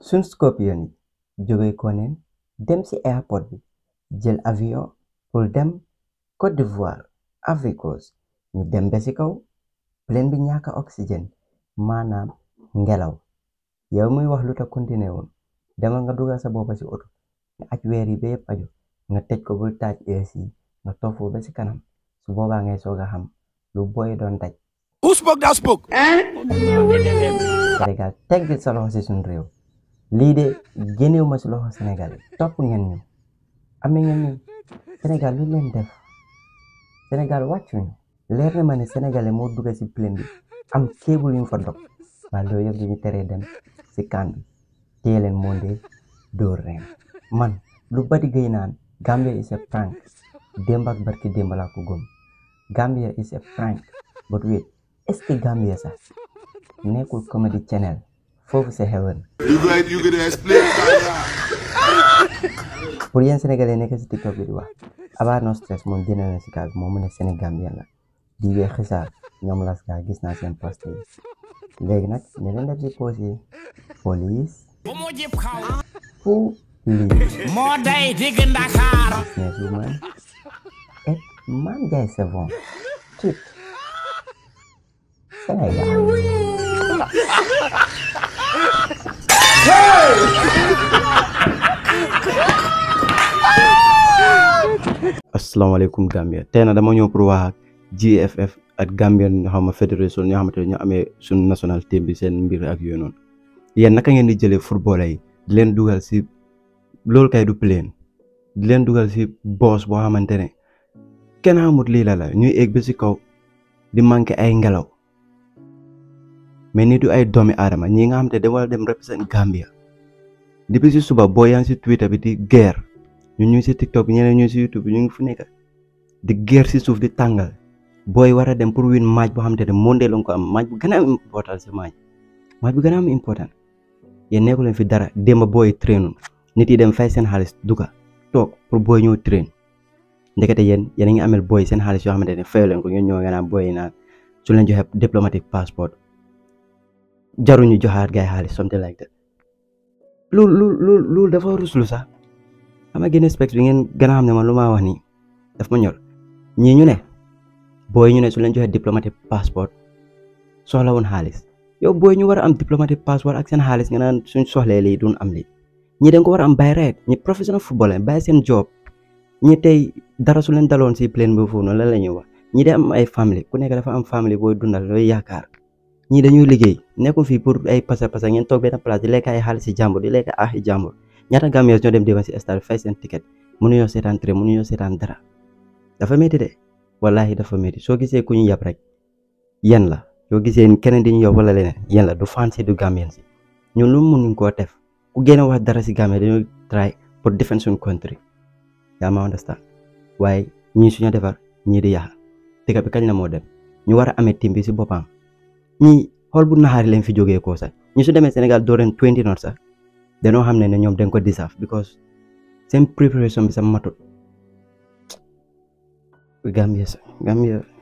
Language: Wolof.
sun scorpion yi konen dem ci airport bi jël avion pour dem Côte d'Ivoire Africos ñu dem ba ci kaw plein bi ñaka oxygène manam ngelaw yow muy wax lu ta continué woon dama nga dugal sa bopa ci auto nga aj weer yi ba aju nga tej ko bu taaj ac nga tofu ba ci kanam su boba ngay soga xam lu boy don daj. Who spoke that spoke? Sénégal teggil sa loxo si suñu réew. Lide de ma ci loxo Senegal top ngeen ñu am ngeen ñu senegal lu leen def waccu wàccuñu leer na mané senegal mo ci plein bi am cable yu fa dox ba do yeb ñu téré dem ci kan bi monde do reen man lu badi gay Gambia is a prank demba ak barki demba la ko gom Gambia is a prank but wait est-ce que Gambia sa nekul comedy channel foofu pour yéen Sénégalais yi nekk si TikTok bi di wax Aba No Stress moom génne na si kaa bi moom mu ne Sénégambien la di wee ñoom las gis naa seen post yi nag ne leen def police moo day digg Ndakaar mais Assalamualaikum Gambia tay na dama pour wax GFF ak Gambian xaw ma federation ñoo xamanteni ne ñoo sun suñu national team bi seen mbir ak yoon non yeen naka ngeen di jëlé football ay. di leen dugal si lool kay du plein di leen dugal si boss bo xamanteni ne amut li la la ñuy egg bi ci kaw di manké ay ngelaw mais ni du ay domi arama ñi nga xamanteni ne wala dem represent Gambia depuis ci suba bo yaan ci si Twitter bi di guerre ñun ñu ci tiktok ñeneen ñu ci youtube ñu ngi fu nekk di guerre ci suuf di tàngal booy war a dem pour win match boo xam ne monde lañ ko am match bu gën a am important si match match bu gën a am important yéen nekku leen fi dara démb booy trainul nit yi dem fay seen xaalis duga toog pour booy ñëw train ndekete yéen yéen a ngi amel booy seen xaalis yoo xam ne fayu leen ko ñun ñoo nga naan booy naan su leen joxe diplomatique passeport jaruñu joxaat gaay xaalis something like that loolu loolu loolu dafa ruslu sax ama gene specs bi ngeen gëna xamne man luma wax ni daf ma ñor ñi ñu ne boy ñu ne su leen joxe diplomatic passport soxla won xaaliss yow boy ñu wara am diplomatic passport ak seen xaaliss nga naan suñ soxle li duñ am li ñi dañ ko wara am bay rek ñi professional football bay seen job ñi tay dara su leen dalon si plane bi foofu la lañu wax ñi day am ay family ku nekk dafa am family boy dundal loy yaakar ñi dañuy liggéey nekkum fi pour ay pasa pasa ngeen tok ben place di lek ay xaaliss ci jambour di lekk ah ci jambour ñaata Gambien ñoo dem demal si stade fay seen ticket sétan tré munu yo sétan dara dafa metti dé wallahi dafa metti so gisé ku ñu yab rek yéen la soo gisee kenen di ñu yow wala leneen yéen la du fan du Gambien ci ñun lu mënuñ ko def ku gëna wax dara si gamé dañu try pour defend son country ya ma understand way ñi suñu défar ñi di yàq ya. ticket bi kañ la mo dem ñu wara amé timbi ci bopam si hol bu naxaari leen fi joggé ko sax ñi su démé Sénégal do ren 20 notes sax danoo xam ne ne ñoom dañ ko deserve because seen préparation bi sa matut Gambia sa Gambia